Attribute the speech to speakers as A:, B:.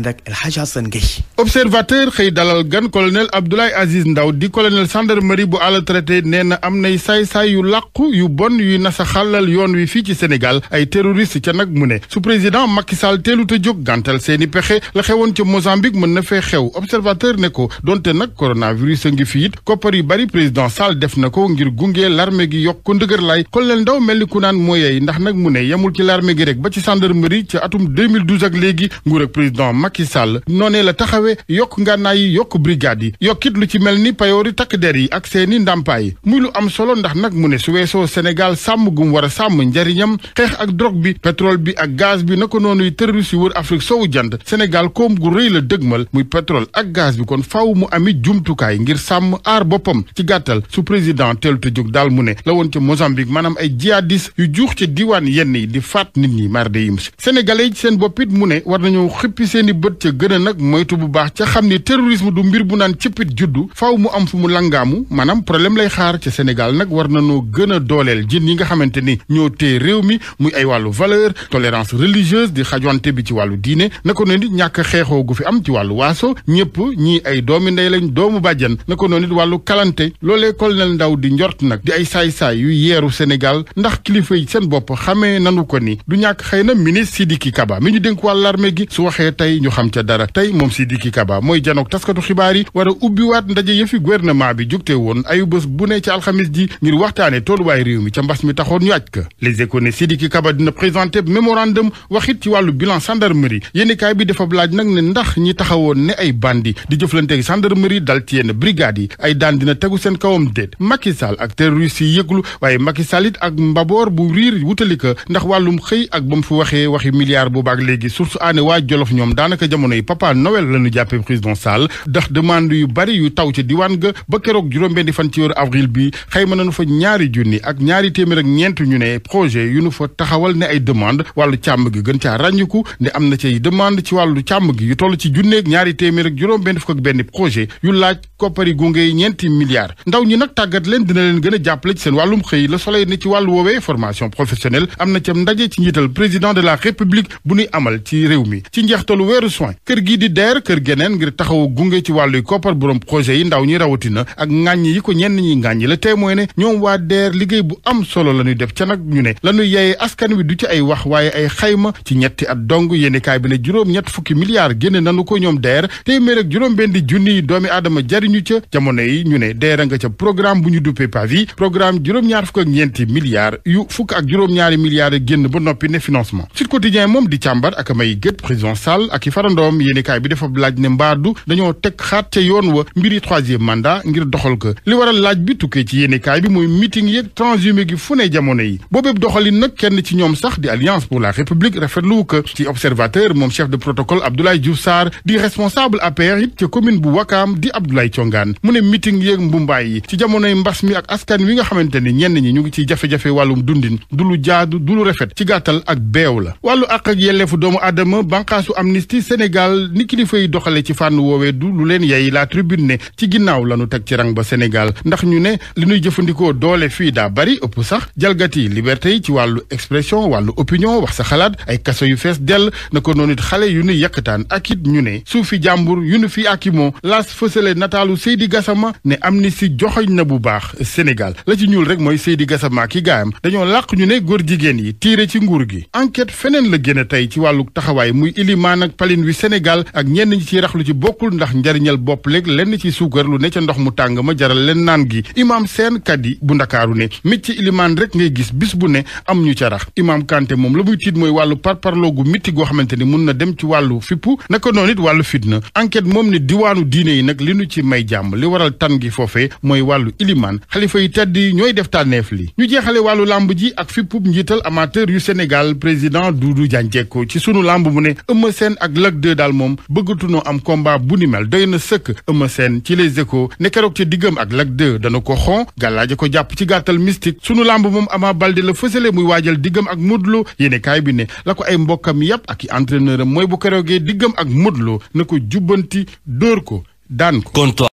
A: ndak El Hadj Assane Gueye observateur xëy dalal gan colonel Abdoulaye Aziz Ndaw di colonel gendarmerie bu àll traité nee na am nay saay-saay yu làqu yu bon yuy nasa xàllal yoon wi fii ci Sénégal ay terroriste ca nag mu ne su président Macky Sall teelu te jóg gàntal seeni pexe la xewoon ca Mozambique mën na fee xew observateur ne ko donte nag coronavirus a ngi fii it koppar yu bari président Sall def na ko ngir gunge l'armée gi yokk ko ndëgër lay colonel Ndaw mel ni ku naan mooyey ndax nag mu ne yemul ci l'armée gi rek ba ci gendarmerie ci atum 2012 ak léegi nguur ak président Macky Sall noonee la taxawee yokk ngànnaay yi yokk brigade yi yokkit lu ci mel ni payoori takk der yi ak seeni ndàmpaay muy lu am solo ndax nag mu ne su weesoo Sénégal sàmm gum war a sàmm njariñam xeex ak drogue bi pétrole bi ak gaz bi na ko noonuy terroriste yi wër Afrique soowu jant Sénégal koom gu rëy la dëgmal muy pétrole ak gaz bi kon faw mu ami jumtukaay ngir sàmm aar boppam ci gàttal su président teelu jóg daal mu ne la woon ca Mozambique maanaam ay jihadis yu juux diwaan yenn yi di faat nit ñi marde bët ca gën a nag moytu bu baax ca xam ni terrorisme du mbir bu naan cëppit juddu faaw mu am fu mu langaamu maanaam problème lay xaar ca Sénégal nag war na gën a dooleel jën yi nga xamante ni ñoo téye réew mi muy ay wàllu valeur tolérance religieuse di xajwante bi ci wàllu diine na ko noonu ñàkk xeexoo gu fi am ci wàllu waaso ñëpp ñii ay doomi ndey lañ doomu bàjjan na ko noonu it wàllu kalante loolee colonel Ndaw di njort nag di ay saay-saay yu yeeru Sénégal ndax kilifa yi seen bopp xamee na ministre ñu xam ca dara tey moom Sidiki Kaba mooy janoog taskatu xibaar yi war a ubbiwaat ndaje yëfi gouvernement bi jugte woon ayu bés bu ne ci alxamis ji ngir waxtaane tolluwaay réew mi ca mbas mi taxoon ñu ka Les ne Sidiki Kaba dina présenté mémorandum waxit ci wàllu bilan gendarmerie yéenekaay bi dafa laaj nag ne ndax ñi taxawoon ne ay bandi di jëflanteeg gendarmerie dal ci yenn brigade ay daan dina tegu seen kawam déet Macky Sall ak terroriste yi yëglu daanaka jamono yi Papa Noël la ñu jàppee président Sall ndax demande yu bari yu taw benni fan ci weeru avril bi xayma nañu fa ñaari junni ak ñaari téeméer ñeent ñu ne projet yu nu fa taxawal ne ay demande wàllu càmm gi gën caa ràññiku ne am na cay demande ci wàllu càmm gi yu toll ci junneeg ñaari téeméer juróom-benn fukk benn projet yu laaj koppari gunge yi ñeenti milliards ndaw ñi nag tàggat leen dina leen gën a jàppale seen wàllum xëy la soleil ne ci wàllu woowee formation professionnelle am na ca ndaje ci njiital président de la république bu ñuy amal ci réew mi ci njeextalu weer centre soins kër gii di deer kër geneen ngir taxawu gunge ci wàlluy koppar borom projet yi ndaw ñi rawatina ak ŋàññ yi ko ñenn ñi ŋàññi la tey mooy ne ñoom waa deer liggéey bu am solo la def ca nag ñu ne la ñuy yeyee askan wi du ci ay wax waaye ay xayma ci ñetti at dong yéenekaay bi ne juróom-ñett fukki milliards génne nanu ko ñoom deer téeméer ak juróom-benn di junniy doomi aadama jariñu ca jamono yi ñu ne deer a nga ca programme bu ñu duppee PAVIE programme juróom-ñaar fukk ak ñeenti milliards yu fukk ak juróom-ñaari milliards génn ba noppi ne financement Sud Quotidien di càmbar farandoom yéenekaay bi dafa laaj ne mbaadu dañoo teg xaat ca yoon wa mbiri troisième mandat ngir doxal ko li waral laaj bi tukkee ci yéenekaay bi mooy meeting yeeg transhumé gi fu ne jamono yi boobeeb doxalin nag kenn ci ñoom sax di alliance pour la république rafetlu ko ci observateur moom chef de protocole Abdoulaye Diouf Sarr di responsable APR it ca commune bu Wakaam di Abdoulaye Congaan mu ne meeting yeeg mbumbaay yi ci jamonoy mbas mi ak askan wi nga xamante ni ñenn ñi ñu ngi ciy jafe wàllum dundin du lu jaadu du lu rafet ci gàttal ak beew la wàllu àq Sénégal ni kilifa yi doxale ci fànn woowee du lu leen yay la tribune ne ci ginnaaw la nu teg ci rang ba senegal ndax ñu ne li ñuy jëfandikoo doole fii daa bari ëpp sax jalgati liberté yi ci wàllu expression wàllu opinion wax sa xalaat ay kaso yu fees dell na ko noonu it xale yu nu yàkkataan ak it ñu ne suufi jàmbur yu nu fi akimoo laas fësale nataalu Seydi gasama ne am ni si joxoñ na bu baax senegal la ci ñuul rek mooy Seydi Gassama ki gaayam dañoo làq ñu ne góor jigéen yi tiire ci nguur gi enquête feneen la gën a tey ci wàllu taxawaay muy ilimaan palin wi Sénégal ak ñenn ñi ciy raxlu ci bokkul ndax njariñal bopp léeg lenn ci suukar lu ne ca ndox mu tàng ma jaral leen naan gi imaam seen kaddi bu ndakaaru ne mit ci ilimaan rek ngay gis bis bu ne am ñu ca rax imaam kante moom la muy tiit mooy wàllu parparloo gu mitti goo xamante ni mën na dem ci wàllu fippu naka noonu it wàllu fitna enquête moom ne diwaanu diine yi nag li nu ci may jàmm li waral tan gi foofe mooy wàllu ilimaan xalifa yi tedd yi ñooy def tànneef li ñu jeexale wàllu làmb ji ak fippub njiital amateur yu Sénégal président Doudou Diagne ci sunu làmb mu ne ak Lac daal moom bëggatunoo am combat bu ni mel doy na sëkk Eumeu seen ci les échos ne keroog ca diggam ak Lac 2 dana ko xon gàllaaje ko jàpp ci gàttal mystique sunu làmb moom Ama Baldé la fësale muy waajal diggam ak Modou Lo bi ne la ko ay mbokkam yàpp ak i entraîneur am mooy bu keroogee diggam ak Modou Lo na ko jubbanti dóor ko daan ko